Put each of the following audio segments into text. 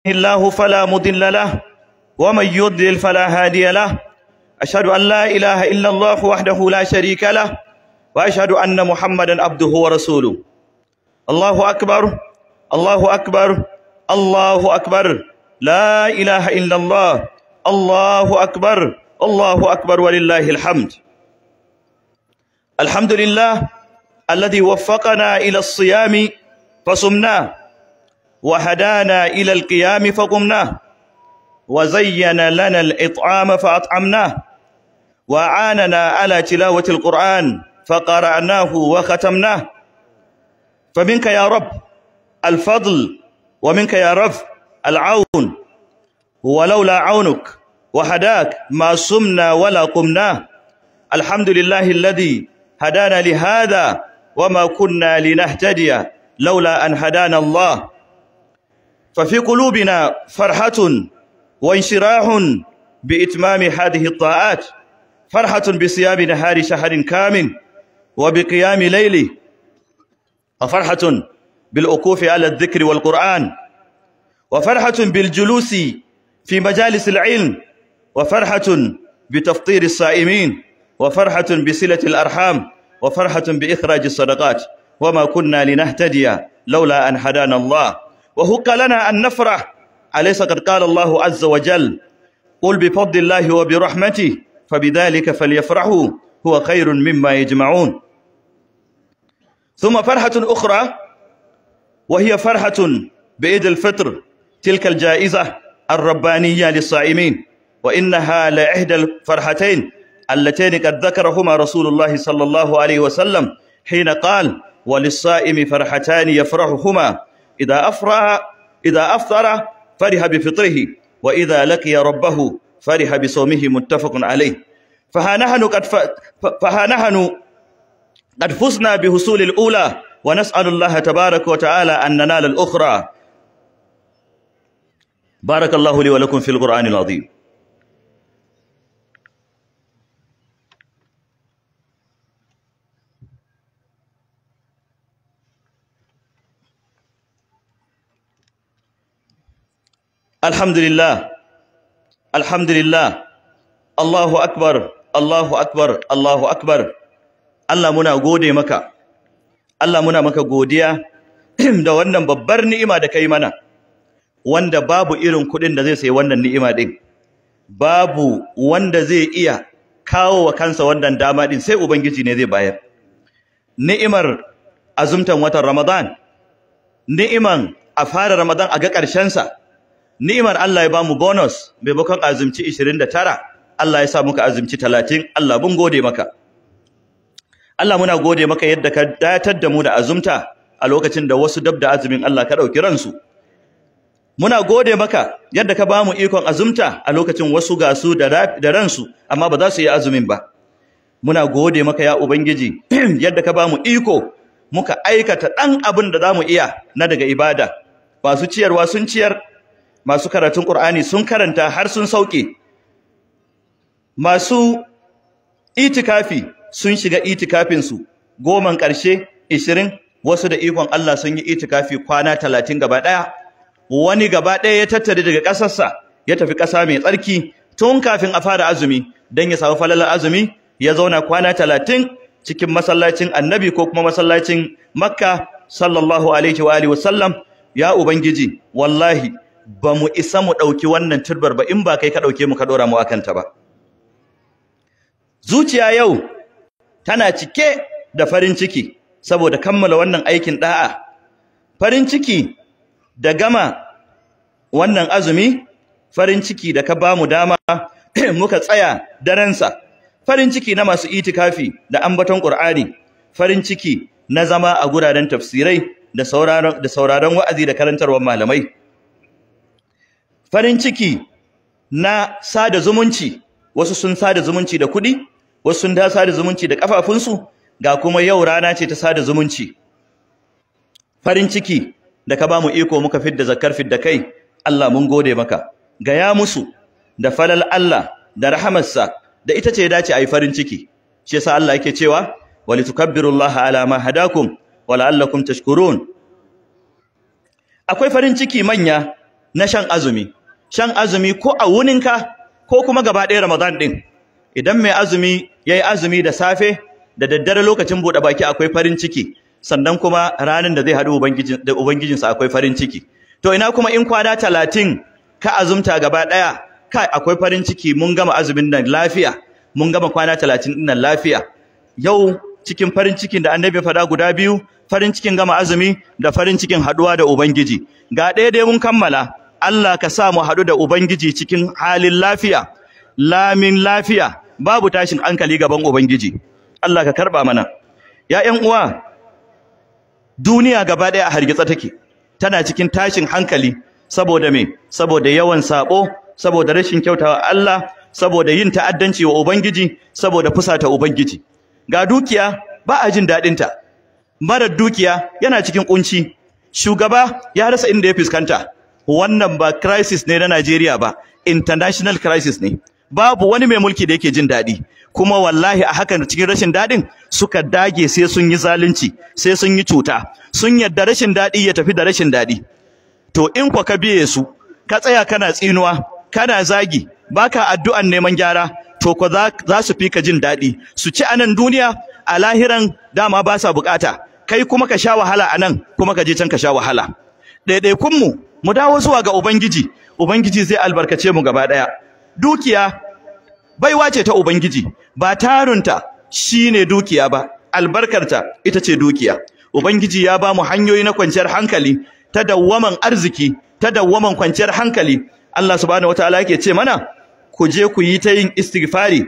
الله فلا مضل له ومن يضلل فلا هادي له أشهد أن لا إله إلا الله وحده لا شريك له وأشهد أن محمدا عبده ورسوله الله أكبر الله أكبر الله أكبر لا إله إلا الله الله أكبر الله أكبر ولله الحمد الحمد لله الذي وفقنا إلى الصيام فصمناه وهدانا إلى القيام فقمناه وزين لنا الإطعام فأطعمناه وعاننا على تلاوة القرآن فقرأناه وختمناه فمنك يا رب الفضل ومنك يا رب العون ولولا عونك وهداك ما صمنا ولا قمنا الحمد لله الذي هدانا لهذا وما كنا لنهتدي لولا أن هدانا الله ففي قلوبنا فرحة وانشراح بإتمام هذه الطاعات فرحة بصيام نهار شهر كامل وبقيام ليله وفرحة بالوقوف على الذكر والقرآن وفرحة بالجلوس في مجالس العلم وفرحة بتفطير الصائمين وفرحة بصلة الأرحام وفرحة بإخراج الصدقات وما كنا لنهتدي لولا أن هدانا الله وهك لنا أن نفرح أليس قد قال الله عز وجل قل بفضل الله وبرحمته فبذلك فليفرحوا هو خير مما يجمعون ثم فرحة أخرى وهي فرحة بعيد الفطر تلك الجائزة الربانية للصائمين وإنها لإحدى الفرحتين اللتين قد ذكرهما رسول الله صلى الله عليه وسلم حين قال وللصائم فرحتان يفرحهما إذا أفرح إذا أفطر فرح بفطره وإذا لقي ربه فرح بصومه متفق عليه فها نحن قد ف... فها نحن قد فزنا بحصول الأولى ونسأل الله تبارك وتعالى أن ننال الأخرى بارك الله لي ولكم في القرآن العظيم alhamdulillah alhamdulillah Allahu akbar Allahu akbar Allahu akbar Allah muna gode maka Allah muna maka godiya da wannan babbar ni'ima da ka yi mana wanda babu irin kudin da zai sayi wannan ni'ima din babu wanda zai iya kawo wa kansa wannan dama din sai ubangiji ne zai bayar ni'imar azumtan watan Ramadan ni'iman a fara Ramadan a ga ƙarshen sa ni'imar Allah ya bamu bonus maimakon azumci 29 Allah ya sa muka azumci 30 Allah mun gode maka Allah muna gode maka yadda ka datar da mu da azumta a lokacin da wasu dab da azumin Allah ka ɗauki ransu muna gode maka yadda ka bamu ikon azumta a lokacin wasu gasu da ransu amma ba za su yi azumin ba muna gode maka ya ubangiji yadda ka bamu iko muka aikata ɗan abin da za mu iya na daga ibada ba su ciyarwa sun ciyar masu karatun Qur'ani sun karanta har sun sauke masu itikafi sun shiga itikafin goman ƙarshe 20 wasu da ikon Allah sun yi itikafi kwana 30 gaba daya wani gaba daya ya tattare daga ƙasarsa ya tafi ƙasa mai tsarki tun kafin a fara azumi dan ya samu falalar azumi ya zauna kwana 30 cikin masallacin Annabi ko kuma masallacin Makka sallallahu alaihi wa alihi wasallam ya ubangiji wallahi ba mu isa mu ɗauki wannan turbar ba in ba kai ka ɗauke mu ka ɗora mu akan ta ba zuciya yau tana cike da farin ciki saboda kammala wannan aikin ɗa'a, farin ciki da gama wannan azumi farin ciki da ka ba mu dama muka tsaya daransa farin ciki na masu itikafi da ambaton Ƙur'ani, farin ciki na zama a guraren tafsirai da sauraron wa'azi da karantarwar malamai farin ciki na sada zumunci wasu sun sada zumunci da kuɗi wasu sun da sada zumunci da kafafunsu ga kuma yau rana ce ta sada zumunci farin ciki da ka ba mu iko muka fidda zakar fidda kai Allah mun gode maka gaya musu da falal Allah da rahamarsa da ita ce dace a yi farin ciki shi yasa Allah yake cewa walitukabbirullaha ala ma hadakum wa la'allakum tashkurun akwai farin ciki manya na shan azumi shan azumi ko a wuninka ko kuma gaba ɗaya Ramadan ɗin. Idan mai azumi ya yi azumi da safe da daddare lokacin buɗe baki akwai farin ciki sannan kuma ranar da zai haɗu da Ubangijinsa akwai farin ciki. To ina kuma in kwana talatin ka azumta gaba ɗaya kai akwai farin ciki mun gama azumin nan lafiya mun gama kwana talatin ɗin nan lafiya. Yau cikin farin cikin da annabi faɗa guda biyu farin cikin gama azumi da farin cikin haɗuwa da Ubangiji. Ga ɗaya dai mun kammala Allah ka sa mu haɗu da Ubangiji cikin halin lafiya, lamin lafiya, babu tashin hankali gaban Ubangiji. Allah ka karɓa mana. ‘Ya'yan uwa, duniya gaba ɗaya a hargitsa take, tana cikin tashin hankali saboda me, saboda yawan saɓo, saboda rashin kyautawa Allah, saboda yin ta'addanci wa Ubangiji, saboda fusata Ubangiji. Ga dukiya ba a jin daɗinta, marar dukiya yana cikin ƙunci, shugaba ya rasa inda ya fuskanta. wannan ba crisis ne na Najeriya ba international crisis ne babu wani mai mulki da yake jin daɗi kuma wallahi a hakan cikin rashin daɗin suka dage sai sun yi zalunci sai sun yi cuta sun yadda rashin daɗi ya tafi da rashin daɗi to in kwa ka biye su ka tsaya kana tsinuwa kana zagi baka addu'an neman gyara to ko za su fi ka jin daɗi su ci anan duniya a lahiran dama ba sa bukata kai kuma ka sha wahala anan kuma ka je can ka sha wahala ɗaiɗaikunmu mu dawo zuwa ga ubangiji ubangiji zai albarkace mu gaba ɗaya. dukiya baiwa ce ta ubangiji ba tarunta ne dukiya ba albarkarta ita ce dukiya ubangiji ya ba mu hanyoyi na kwanciyar hankali ta dawwaman arziki ta dawwaman kwanciyar hankali Allah subhanahu wataala yake ce mana ku je ku yi ta yin istighfari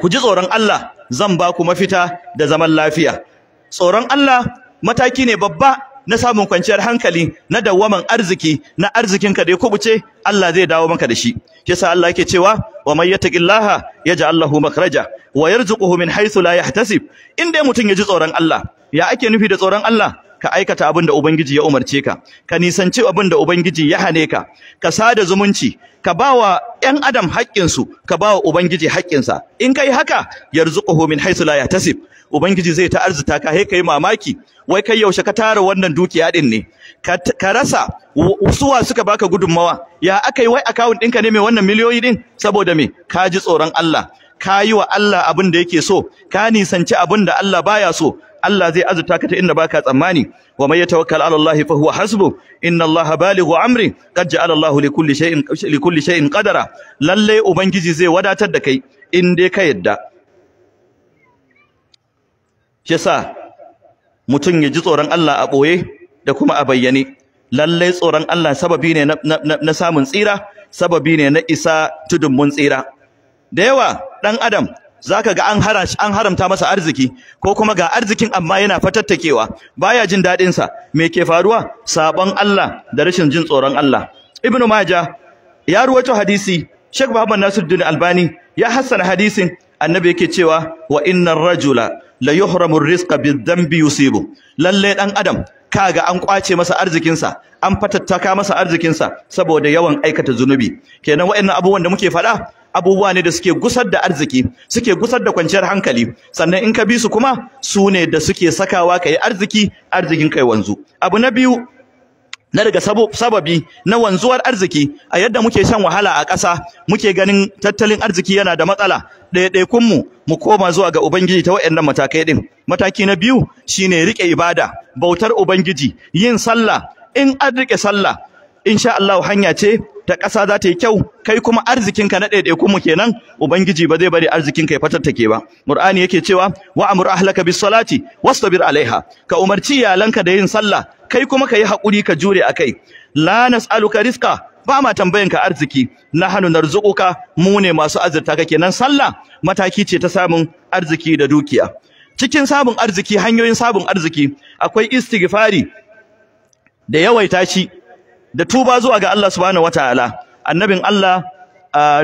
ku ji tsoron Allah zan ba ku mafita da zaman lafiya tsoron Allah mataki ne babba na samun kwanciyar hankali na dawwaman arziki na arzikinka da ya kubuce Allah zai dawo maka da shi Kisa Allah yake cewa wa man yattaqillaha yaj'al lahu makhraja wa yarzuquhu min haythu la yahtasib inda mutum ya ji tsoron Allah ya ake nufi da tsoron Allah ka aikata abin da ubangiji ya umarce ka ka nisanci abin da ubangiji ya hane ka ka sada zumunci ka bawa ƴan adam su ka ba wa ubangiji sa. in kai haka yarzuquhu min haythu la yahtasib ubangiji zai ta arzuta ka kai mamaki wai kai yaushe ka tara wannan dukiya din ne ka rasa suwa suka baka gudunmawa ya akai wai account ɗinka ne mai wannan miliyoyi din saboda me ka ji tsoron Allah ka yi wa Allah abin da yake so ka nisanci abin da Allah baya so Allah zai azurta ka ta inda baka tsammani wa may yatawakkal ala Allah fa huwa hasbu inna Allah balighu amri qad ja'ala Allah li kulli shay'in li kulli shay'in qadara lalle ubangiji zai wadatar da kai in dai ka yadda yasa mutun ya ji tsoron Allah a boye da kuma a bayyane lalle tsoron Allah sababi ne na samun tsira sababi ne na isa tudun mun tsira da yawa dan adam Za ka ga an haramta masa arziki ko kuma ga arzikin amma yana fatattakewa baya jin dadin sa me ke faruwa sabon Allah da rashin jin tsoron Allah ibnu majah ya ruwato hadisi Sheikh Muhammad Nasiruddin Albani ya hassana hadisin annabi yake cewa wa innar rajula la yuhramu rizqa dambi yusibu lalle dan adam kaga an kwace masa arzikinsa an fatattaka masa arzikinsa saboda yawan aikata zunubi kenan waɗannan abubuwan da muke faɗa abubuwa ne da suke gusar da arziki suke gusar da kwanciyar hankali sannan in ka bi su kuma su ne da suke sakawa kai arziki arzikin kai wanzu abu na biyu na daga sababi na wanzuwar arziki a yadda muke shan wahala a ƙasa muke ganin tattalin arziki yana da matsala ɗaiɗaikun mu mu koma zuwa ga ubangiji ta waɗannan matakai din mataki na biyu shine rike ibada bautar ubangiji yin sallah in an rike sallah insha Allah hanya ce ta ƙasa za ta yi kyau kai kuma arzikinka na ɗaiɗaiku mu kenan ubangiji ba zai bari arzikinka ya take ba qur'ani yake cewa wa amru ahlaka bis salati wastabir alaiha ka umarci iyalanka da yin sallah kai kuma ka yi haƙuri ka jure akai la nas'aluka rizqa ba ma tambayan ka arziki na hannu narzuquka mu ne masu azurta ka kenan sallah mataki ce ta samun arziki da dukiya cikin samun arziki hanyoyin samun arziki akwai istighfari da yawaita shi da tuba zuwa ga Allah subhanahu wataala annabin Allah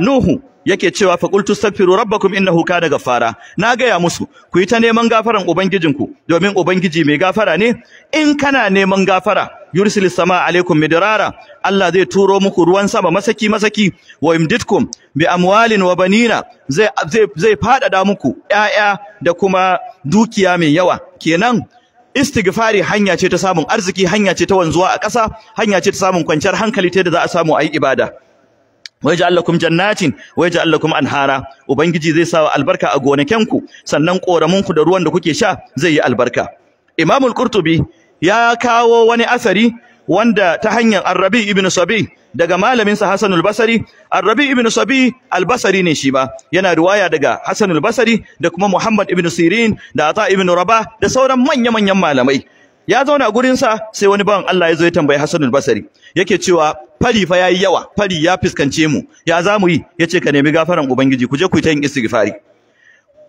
Nuhu yake cewa fa qultu astaghfiru rabbakum innahu kana ghaffara na gaya musu ku yi ta neman gafaran ubangijinku domin ubangiji mai gafara ne in kana neman gafara yursilis sama alaikum midrara Allah zai turo muku ruwan sama masaki masaki wa imditkum bi amwalin wa banina zai zai zai fadada muku ƴaƴa da kuma dukiya mai yawa kenan istighfari hanya ce ta samun arziki hanya ce ta wanzuwa a ƙasa hanya ce ta samun kwanciyar hankali ta da za a samu ayi ibada waja'al lakum jannatin waja'al lakum anhara ubangiji zai sa albarka a ku sannan ku da ruwan da kuke sha zai yi albarka imamul qurtubi ya kawo wani asari wanda ta hanyar arabi ibn sabi daga malamin sa Hassan al-Basri ar ibn Sabi al-Basri ne shi ba yana riwaya daga Hassan al-Basri da kuma Muhammad ibn Sirin da Ata ibn Raba da sauran manya-manyan malamai ya zauna gurin sa sai wani bawan Allah ya zo ya tambayi Hassan al-Basri yake cewa fari fa yayi yawa fari ya fiskance mu ya za mu yi ce ka nemi gafaran ubangiji ku je ku yi ta yin istighfari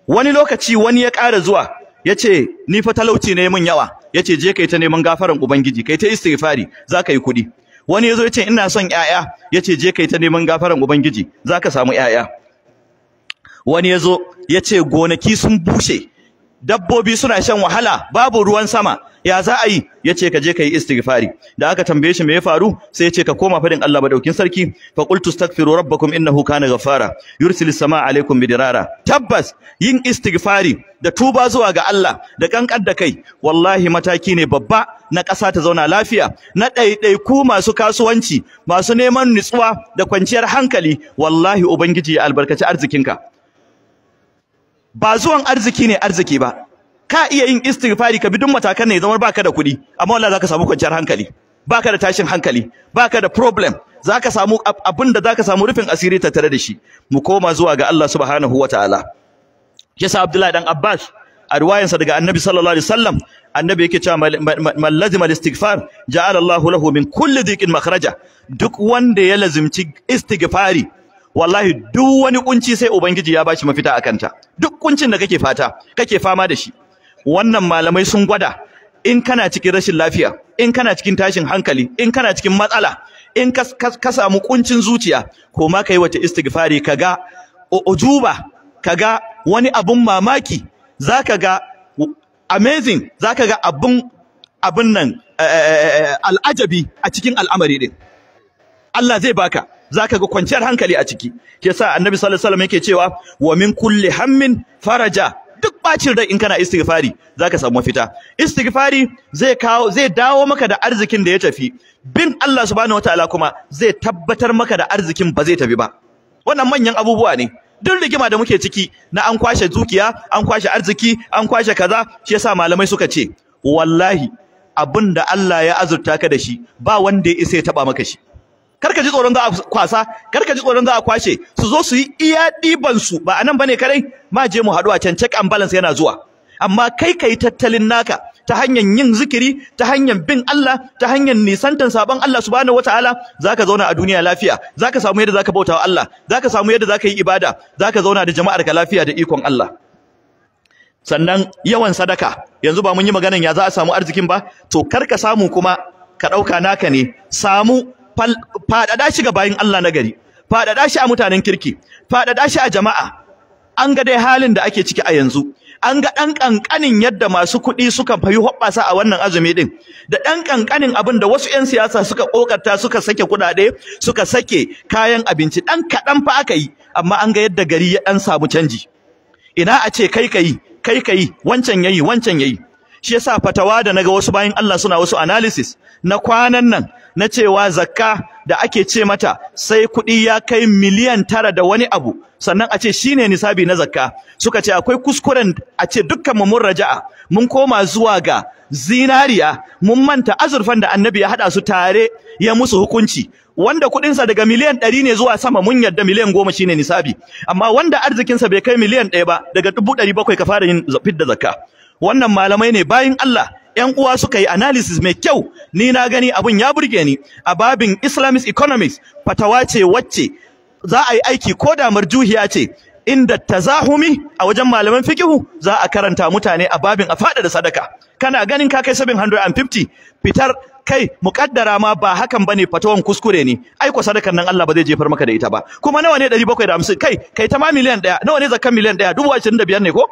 wani lokaci wani ya ƙara zuwa yace ni fa talauci ne mun yawa Ya ce je kai ta neman gafaran ubangiji kai ta istighfari za ka yi kuɗi wani ya yazo yace ina son 'ya'ya, ya ce je kai ta neman gafaran ubangiji za ka samu 'ya'ya. wani yazo yace gonaki sun bushe dabbobi suna shan wahala babu ruwan sama ya za a yi Ya ce ka je ka yi istighfari da aka tambaye shi me ya faru sai ya ce ka koma fadin Allah madaukin sarki fa qultu astaghfiru rabbakum innahu kana ghaffara yursilis samaa alaikum bidirara tabbas yin istighfari da tuba zuwa ga Allah da kankan da kai wallahi mataki ne babba na ƙasa ta zauna lafiya na ɗaiɗaiku masu kasuwanci masu neman nutsuwa da kwanciyar hankali wallahi ubangiji ya albarkaci arzikinka ba zuwan arziki ne arziki ba ka iya yin istighfari ka bi duk matakan ne zama baka da kuɗi amma wallahi zaka samu kwanciyar hankali baka da tashin hankali baka da problem zaka samu abin da zaka samu rufin asiri tattare da shi mu koma zuwa ga Allah subhanahu wataala yasa Abdullahi dan Abbas a ruwayansa daga Annabi sallallahu alaihi wasallam Annabi yake cewa man lazima al-istighfar ja'ala Allahu lahu min kulli dhiqin makhraja duk wanda ya lazimci istighfari wallahi duk wani kunci sai ubangiji ya bashi mafita akan ta duk kuncin da kake fata kake fama da shi wannan malamai sun gwada in kana cikin rashin lafiya in kana cikin tashin hankali in kana cikin matsala in ka samu kuncin zuciya ko ma yi wace istighfari kaga ujuba kaga wani abun mamaki zaka ga amazing zaka ga abun abun nan eh, eh, eh, al'ajabi a cikin al'amari din Allah zai baka zaka ga kwanciyar hankali a ciki Ke sa annabi sallallahu alaihi wasallam yake cewa wa min kulli hammin faraja duk bacin rai in kana istighfari zaka samu mafita istighfari zai kawo zai dawo maka da arzikin da ya tafi bin Allah subhanahu wataala kuma zai tabbatar maka da arzikin ba zai tafi ba wannan manyan abubuwa ne duk rigima da muke ciki na an kwashe dukiya an kwashe arziki an kwashe kaza shi yasa malamai suka ce wallahi abin da Allah ya azurta ka da shi ba wanda ya isa ya taba maka shi kar ka ji tsoron za a kwasa kar ka ji tsoron za a kwashe su zo su yi iya diban su ba anan bane kadai ma je mu haɗu a can check and balance yana zuwa amma kai kai tattalin naka ta hanyar yin zikiri ta hanyar bin Allah ta hanyar nisantan sabon Allah subhanahu wataala zaka zauna a duniya lafiya zaka samu yadda zaka bautawa Allah zaka samu yadda zaka yi ibada zaka zauna da jama'ar ka lafiya da ikon Allah sannan yawan sadaka yanzu ba mun yi maganan ya za a samu arzikin ba to kar ka samu kuma ka ɗauka naka ne samu faɗaɗa shi ga bayan Allah nagari. gari faɗaɗa shi a mutanen kirki faɗaɗa shi a jama'a an ga dai halin da ake ciki a yanzu an ga ɗan ƙanƙanin yadda masu kuɗi suka fayi hoɓɓasa a wannan azumi ɗin da ɗan ƙanƙanin abin da wasu 'yan siyasa suka ƙoƙarta suka sake kuɗaɗe suka sake kayan abinci ɗan kaɗan fa aka yi amma an ga yadda gari ya ɗan samu canji ina a ce kai ka yi kai ka yi wancan ya yi wancan ya yi shi yasa fatawa da naga wasu bayan Allah suna wasu analysis na kwanan nan na cewa zakka da ake ce mata sai kuɗi ya kai miliyan tara da wani abu sannan a ce shine nisabi na zakka suka ce akwai kuskuren a ce dukkan mu mun raja'a mun koma zuwa ga zinariya mun manta azurfan da annabi ya haɗa su tare ya musu hukunci wanda kuɗinsa daga miliyan ɗari ne zuwa sama mun yarda miliyan goma shine nisabi amma wanda arzikinsa bai kai miliyan ɗaya ba daga dubu ɗari bakwai ka fara yin fidda zakka wannan malamai ne bayin Allah 'yan uwa suka yi analysis mai kyau ni na gani abun ya burge ni a babin Islamic economics fatawa ce wacce za a yi aiki ko da marjuhiya ce inda tazahumi a wajen malaman fikihu za a karanta mutane a babin a fada da sadaka kana ganin ka kai 750 fitar kai muƙaddara ma ba hakan bane fatawan kuskure ne ai ko sadakar nan Allah ba zai jefar maka da ita ba kuma nawa ne 750 kai kai ta ma miliyan 1 nawa ne zakkan miliyan 1 25 ne ko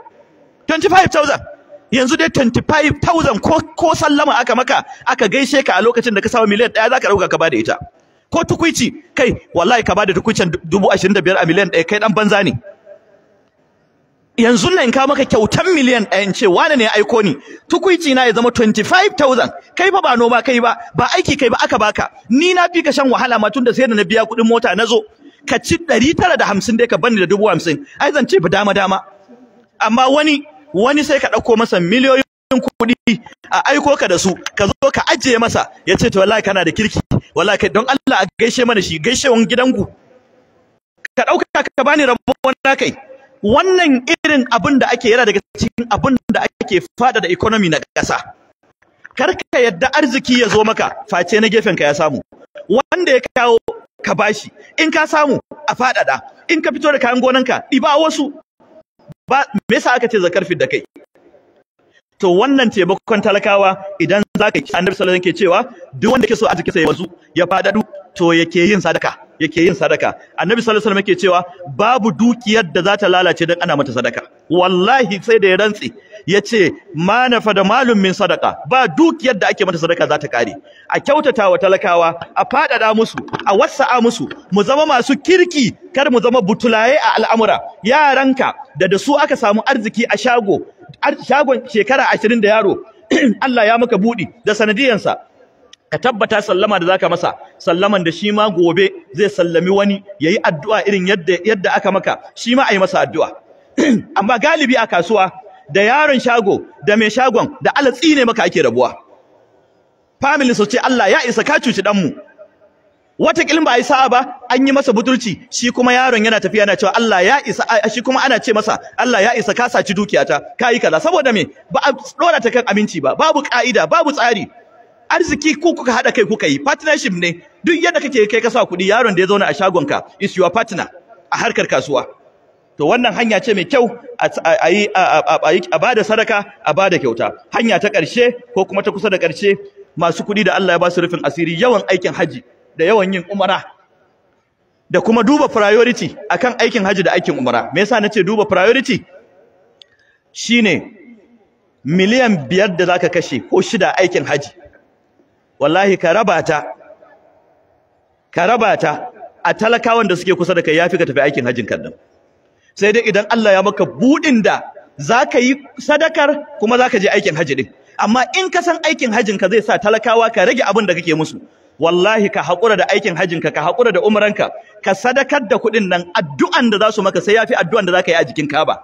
25000 yanzu dai 25,000 ko ko sallama aka maka aka gaishe ka a lokacin da ka samu miliyan ɗaya za ka ɗauka ka bada ita ko tukuici kai wallahi ka bada tukuicin dubu ashirin da biyar a miliyan ɗaya kai ɗan banza ne yanzu nan in ka maka kyautan miliyan ɗaya in ce wane ne aiko ni tukuici na ya zama 25,000 kai fa ba noma kai ba ba aiki kai ba aka baka ni na fi ka shan wahala ma tun da sai da na biya kuɗin mota na zo ka ci 950 dai ka bani da 50,000 ai zan ce fa dama dama amma wani wani sai ka ɗauko masa miliyoyin kuɗi a aiko ka da su ka zo ka ajiye masa ya ce to wallahi kana da kirki wallahi kai don Allah a gaishe mana shi gaishewan gidanku ka ɗauka ka bani rabon na kai wannan irin abin da ake yana daga cikin abin da ake fada da economy na ƙasa kar ka yadda arziki ya zo maka face na gefen ka ya samu wanda ya kawo ka bashi in ka samu a faɗaɗa in ka fito da kayan gonanka ɗiba wasu ba me yasa aka ce zakar da kai to wannan taimakon talakawa idan za ka yi annabi sallallahu alaihi cewa duk wanda ke so arziki sai wazu ya fadadu to yake yin sadaka yake yin sadaka annabi sallallahu alaihi yake cewa babu dukiyar da za ta lalace dan ana mata sadaka wallahi sai da ya rantsi yace ma nafa da malum min sadaka ba dukiyar da ake mata sadaka za ta kare a kyautata wa talakawa a faɗaɗa musu a wasa'a musu mu zama masu kirki kar mu zama butulaye a al'amura yaranka da da su aka samu arziki a shago shagon shekara ashirin da yaro Allah ya maka buɗi da sanadiyansa ka tabbata sallama da zaka masa sallaman da shi ma gobe zai sallami wani yayi addu'a irin yadda yadda aka maka shi ma ayi masa addu'a amma galibi a kasuwa da yaron shago da mai shagon da Allah tsine maka ake rabuwa family su ce Allah ya isa ka cuci danmu wata kilin ba a sa'a ba an yi masa butulci shi kuma yaron yana tafiya yana cewa Allah ya isa shi kuma ana ce masa Allah ya isa ka saci dukiyata kai kaza saboda me ba a dora ta kan aminci ba babu ka'ida babu tsari arziki ku kuka hada kai kuka yi partnership ne duk yadda kake kai ka sa kuɗi yaron da ya zauna a shagon ka, is your partner a harkar kasuwa to wannan hanya ce mai kyau a yi a bada sadaka a bada kyauta hanya ta karshe ko kuma ta kusa da karshe masu kuɗi da Allah ya ba su rufin asiri yawan aikin haji da yawan yin umara da kuma duba priority akan aikin haji da aikin umara me yasa nace duba priority shine miliyan biyar da zaka kashe ko shida aikin haji wallahi ka rabata ka rabata a talakawan da suke kusa da kai yafi ka tafi aikin hajin kan nan sai dai idan Allah ya maka budin da zaka yi sadakar kuma zaka je aikin haji din amma in ka san aikin hajin ka zai sa talakawa ka rage abin da kake musu wallahi ka hakura da aikin hajjin ka ka hakura da umranka ka sadakar da kuɗin nan addu'an da za su maka sai yafi addu'an da za ka yi a jikin kaba.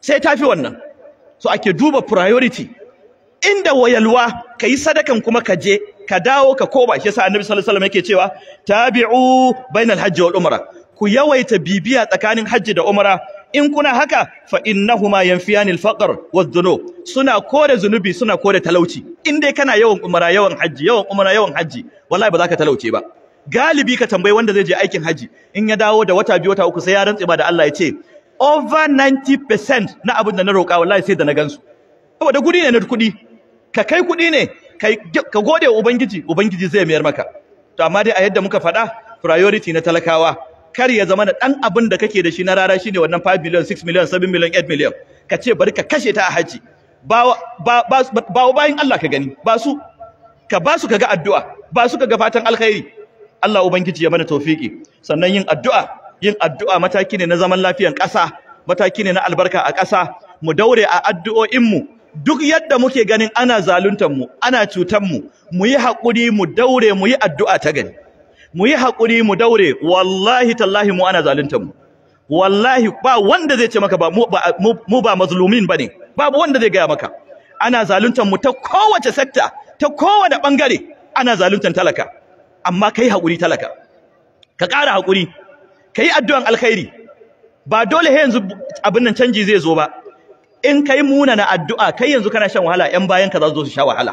sai tafi wannan so ake duba priority inda wayalwa ka yi sadakan kuma ka je ka dawo ka koba shi yasa annabi sallallahu alaihi wasallam yake cewa tabi'u bainal hajji wal umra ku yawaita bibiya tsakanin hajji da umra in kuna haka fa innahuma yanfiyanil faqr wadh-dhunub suna kore zunubi suna kore talauci in dai kana yawan umara yawan haji yawan umara yawan haji wallahi ba za ka talauce ba galibi ka tambayi wanda zai je aikin haji in ya dawo da wata biyu wata uku sai ya rantsa ba da Allah ya ce over 90% na abin da na roƙa wallahi sai da na gansu saboda kudi ne na kudi ka kai kudi ne ka gode wa ubangiji ubangiji zai mayar maka to amma dai a yadda muka faɗa priority na talakawa kar ya zama da dan abin da kake da shi na rara shine wannan 5 million 6 million 7 million 8 million ka ce bari ka kashe ta a haji ba ba bayin Allah ka gani ba su ka ba su kaga addu'a ba su kaga fatan alkhairi Allah ubangiji ya mana tawfiki sannan yin addu'a yin addu'a mataki ne na zaman lafiyar ƙasa mataki ne na albarka a ƙasa mu daure a addu'o'in mu duk yadda muke ganin ana zaluntan mu ana cutan mu mu yi haƙuri mu daure mu yi addu'a ta gani mu yi haƙuri mu daure wallahi tallahi mu ana zalunta mu wallahi ba wanda zai ce maka ba mu ba mu ba ne bane babu wanda zai gaya maka ana zaluntar mu ta kowace sakta ta kowane bangare ana zaluntar talaka amma kayi haƙuri talaka ka ƙara haƙuri yi addu'an alkhairi ba dole he yanzu abin nan canji zai zo ba in kai yi munana addu'a kai yanzu kana shan wahala 'yan bayan ka za su zo su sha wahala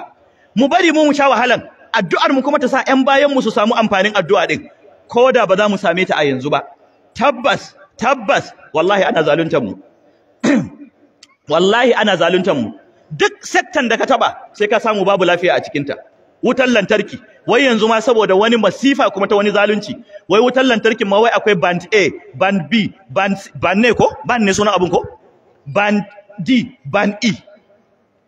mu bari mu mu sha wahalan addu'ar mu kuma ta sa 'yan bayan mu su samu amfanin addu'a ɗin ko da ba za mu same ta a yanzu ba tabbas tabbas wallahi ana zaluntar mu wallahi ana zaluntar mu duk sektan da ka taba sai ka samu babu lafiya a cikin ta wutar lantarki wai yanzu ma saboda wani masifa kuma ta wani zalunci wai wutar lantarkin ma wai akwai band A band B band C, band ne ko band ne sunan abun ko band D band E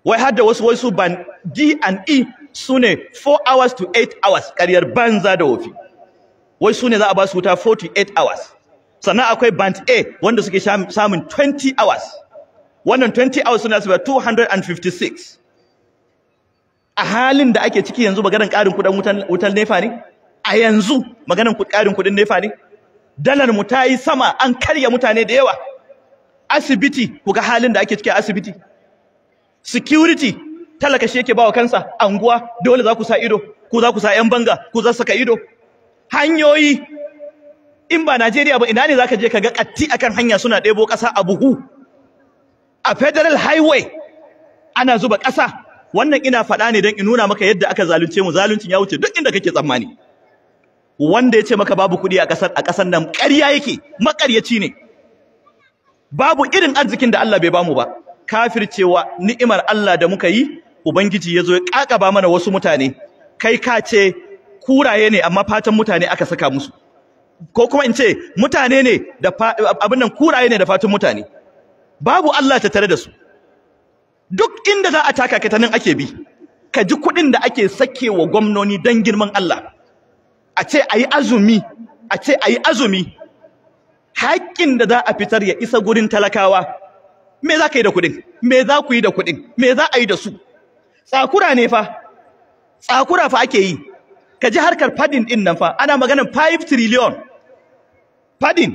wai har da wasu wasu band D and E su ne 4 hours to 8 hours ƙaryar banza da wofi wai su ne za a ba su wuta 48 hours sannan akwai band A wanda suke samun 20 hours wannan 20 hours suna suba 256 a halin da ake ciki yanzu maganar ƙarin kuɗin wutan nefa ne a yanzu maganar ƙarin kuɗin nefa ne dalar mu ta yi sama an karya mutane da yawa asibiti ga halin da ake ciki a asibiti security talaka shi yake bawa kansa anguwa dole za ku sa ido ku za ku sa yan banga ku za saka ido hanyoyi in ba Najeriya ba ina ne zaka je kaga katti akan hanya suna debo kasa a buhu a federal highway ana zuba ƙasa wannan ina faɗa ne don in nuna maka yadda aka zalunce mu zaluncin ya wuce duk inda kake tsammani wanda ya ce maka babu kuɗi a ƙasar a ƙasar nan ƙarya yake maƙaryaci ne babu irin arzikin da Allah bai bamu ba kafircewa ni'imar Allah da muka yi ubangiji ya zo ya kakaba mana wasu mutane kai ka ce kuraye ne amma fatan mutane aka saka musu ko kuma in ce mutane ne da abin nan kuraye ne da fatan mutane babu Allah ta tare da su duk inda za a taka ka ake bi ka ji kuɗin da ake wa gwamnoni don girman Allah a ce ayi azumi a ce ayi azumi haƙƙin da za a fitar ya isa gurin talakawa me za ka yi da kuɗin me za ku yi da kuɗin me za a yi da su tsakura ne fa tsakura fa ake yi ka ji harkar fadin din nan fa ana maganar 5 trillion padding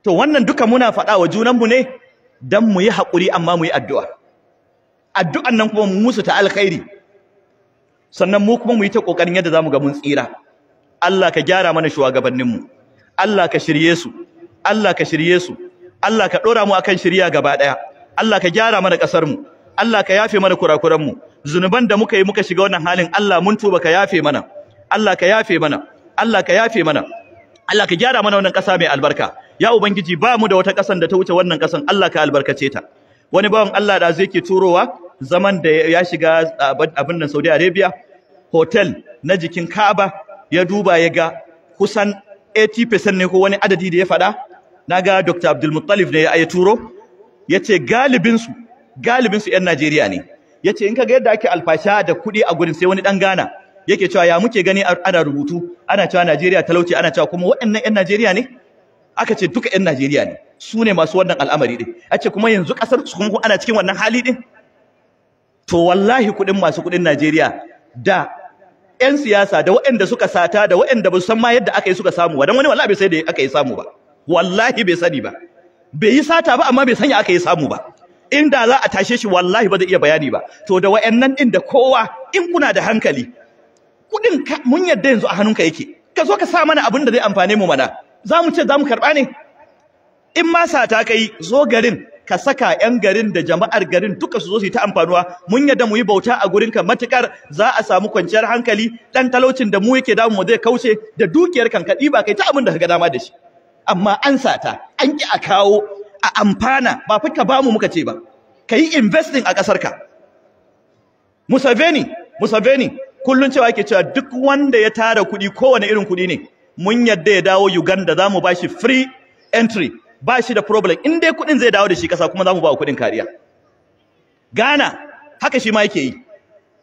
to wannan duka muna faɗa wa mu ne dan mu yi haƙuri amma mu yi addu'a addu'an nan kuma mu musu ta alkhairi sannan mu kuma mu yi ta ƙoƙarin yadda zamu ga mun tsira Allah ka gyara mana shugabanninmu Allah ka shirye su Allah ka shirye su Allah ka dora mu akan shirya gaba ɗaya. Allah ka gyara mana kasar mu Allah ka yafe mana mu. zunuban da muka yi muka shiga wannan halin Allah mun tuba ka yafe mana Allah ka yafe mana Allah ka yafe mana Allah ka gyara mana wannan ƙasa mai albarka ya ubangiji ba mu da wata ƙasan da ta wuce wannan ƙasan Allah ka albarkace ta wani bawan Allah da zai ke turowa zaman da ya shiga abin nan Saudi Arabia hotel na jikin Kaaba ya duba ya ga kusan 80% ne ko wani adadi da ya faɗa naga Dr. Abdul Muttalib ne ya turo yace galibin su galibin su ƴan Najeriya ne yace in kaga yadda ake alfasha da kuɗi a gurin sai wani dan gana yake cewa ya muke gani ana rubutu ana cewa Najeriya talauci ana cewa kuma waɗannan ƴan Najeriya ne aka ce duka ƴan Najeriya ne su ne masu wannan al'amari din ace kuma yanzu kasar su kuma ana cikin wannan hali din to wallahi kuɗin masu kuɗin Najeriya da ƴan siyasa da waɗanda suka sata da waɗanda ba su san ma yadda aka yi suka samu ba dan wani wallahi bai sai da aka yi samu ba wallahi bai sani ba bai yi sata ba amma bai sanya aka yi samu ba inda za a tashe shi wallahi ba zai iya bayani ba to da wayannan din da kowa in kuna da hankali kudin mun yadda yanzu a hannunka yake ka zo ka sa mana abin da zai amfane mu mana za mu ce za mu karɓa ne in ma sata kai zo garin ka saka 'yan garin da jama'ar garin duka su zo su ta amfanuwa mun yarda mu yi bauta a gurin ka matukar za a samu kwanciyar hankali dan talaucin da mu yake damu zai kauce da dukiyar kan ka kai ta abin da ka ga dama da shi amma an sata an ki a kawo a amfana ba fitka ba bamu muka ce ba ka yi investing a kasarka Musaveni, Musaveni kullum cewa yake cewa duk wanda ya tara kuɗi kowane irin kuɗi ne mun yadda ya dawo Uganda za mu ba shi free entry ba shi da problem in dai kuɗin zai dawo da shi ƙasa kuma za mu ba kuɗin kariya gana haka shi ma yake yi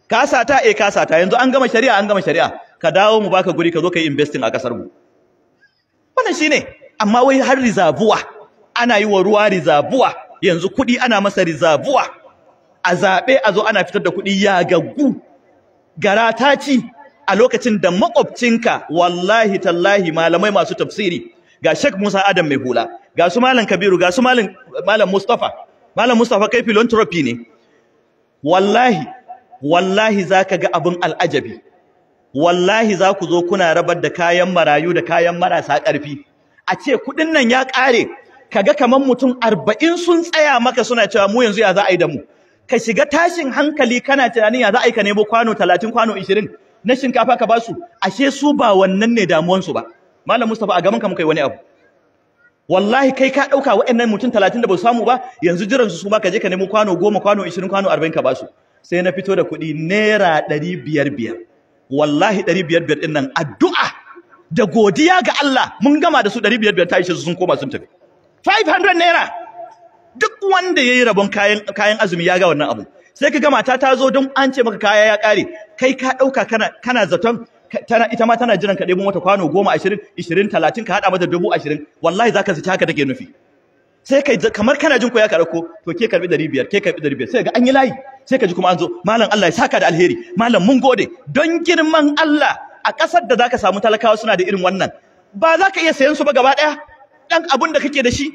kasata eh kasata yanzu an gama shari'a an gama shari'a ka dawo mu baka guri ka zo ka yi investing a ƙasar mu wannan ne. amma wai har rizabuwa ana yi wa ruwa rizabuwa yanzu kuɗi ana masa rizabuwa a zaɓe a zo ana fitar da kuɗi ya gaggu gara ta ci a lokacin da makwabcinka wallahi tallahi malamai masu tafsiri ga Sheikh Musa Adam mai hula ga su malam Kabiru ga su malam Mustafa malam Mustafa kai philanthropy ne wallahi wallahi za ka ga abin al'ajabi wallahi za ku zo kuna rabar da kayan marayu da kayan marasa ƙarfi a ce kuɗin nan ya ƙare kaga kaman mutum arba'in sun tsaya maka suna cewa mu yanzu ya za a yi da mu ka shiga tashin hankali kana tunanin ya za a yi ka nemo kwano talatin kwano ishirin na shinkafa ka basu ashe su ba wannan ne damuwansu ba malam mustapha a gaban ka muka yi wani abu wallahi kai ka dauka wa'annan mutum talatin da ba su samu ba yanzu jiran su su ba ka je ka nemo kwano goma kwano ishirin kwano arba'in ka basu sai na fito da kuɗi naira ɗari biyar biyar wallahi ɗari biyar biyar ɗin nan addu'a da godiya ga Allah mun gama da su ɗari biyar biyar ta ishe su sun koma sun tafi 500 naira duk wanda yayi rabon kayan kayan azumi ya ga wannan abu sai kaga mata ta zo don an ce maka kaya ya kare kai ka dauka kana kana zaton tana ita ma tana jiran ka debo mata kwano 10 20 20 30 ka hada mata dubu 20 wallahi zaka zaci haka take nufi sai kai kamar kana jin ko ya karako to ke karbi 500 ke karbi 500 sai ga an yi layi sai ka ji kuma an zo malam Allah ya saka da alheri malam mun gode don girman Allah a ƙasar da zaka samu talakawa suna da irin wannan ba za ka iya sayan su ba gaba daya dan abin da kake da shi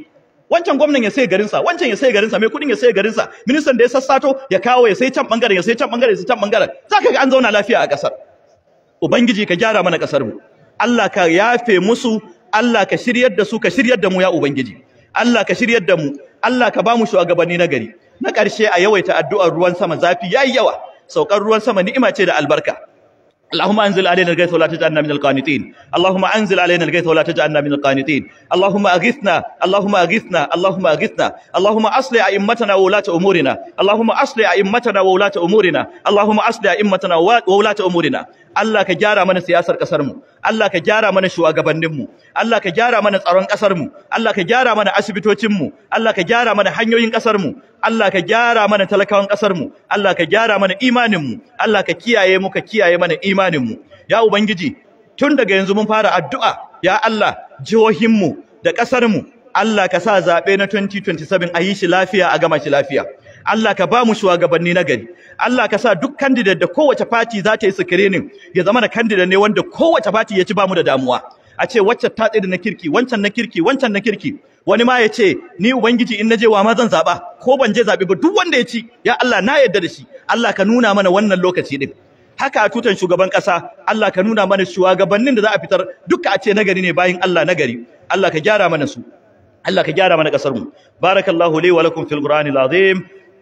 wancan gwamnan ya sai garinsa wancan ya sai garinsa mai kudin ya sai garinsa ministan da ya sassato ya kawo ya sai can bangaren ya sai can bangaren ya sai can bangaren zaka ga an zauna lafiya a kasar ubangiji ka gyara mana kasar mu Allah ka yafe musu Allah ka shiryar da su ka shiryar da mu ya ubangiji Allah ka shiryar da mu Allah ka ba mu shugabanni na gari na ƙarshe a yawaita addu'ar ruwan sama zafi yayi yawa saukar ruwan sama ni'ima ce da albarka اللهم انزل علينا الغيث ولا تجعلنا من القانطين اللهم انزل علينا الغيث ولا تجعلنا من القانطين اللهم اغثنا اللهم اغثنا اللهم اغثنا اللهم اصلح ائمتنا وولاة امورنا اللهم اصلح ائمتنا وولاة امورنا اللهم اصلح ائمتنا وولاة امورنا Allah ka gyara mana siyasar kasar mu Allah ka gyara mana shugabannin mu Allah ka gyara mana tsaron kasar mu Allah ka gyara mana asibitocin mu Allah ka gyara mana hanyoyin kasar mu Allah ka gyara mana talakawan kasar mu Allah ka gyara mana imanin mu Allah ka kiyaye mu ka kiyaye mana imanin mu ya ubangiji tun daga yanzu mun fara addu'a ya Allah jihohin mu da kasar mu Allah ka sa zabe na 2027 a yi shi lafiya a gama shi lafiya Allah ka ba mu shugabanni na gari Allah ka sa duk candidate da kowace party za ta yi screening ya zama da candidate ne wanda kowace party ya ci ba mu da damuwa a ce wacce ta tsaye na kirki wancan na kirki wancan na kirki wani ma ya ce ni ubangiji in naje wa ma zan zaba ko ban je zabe ba duk wanda ya ci ya Allah na yarda da shi Allah ka nuna mana wannan lokaci din haka a tutan shugaban kasa Allah ka nuna mana shugabannin da za a fitar duka a ce nagari ne bayin Allah nagari Allah ka gyara mana su Allah ka gyara mana kasar mu barakallahu li wa lakum fil qur'anil azim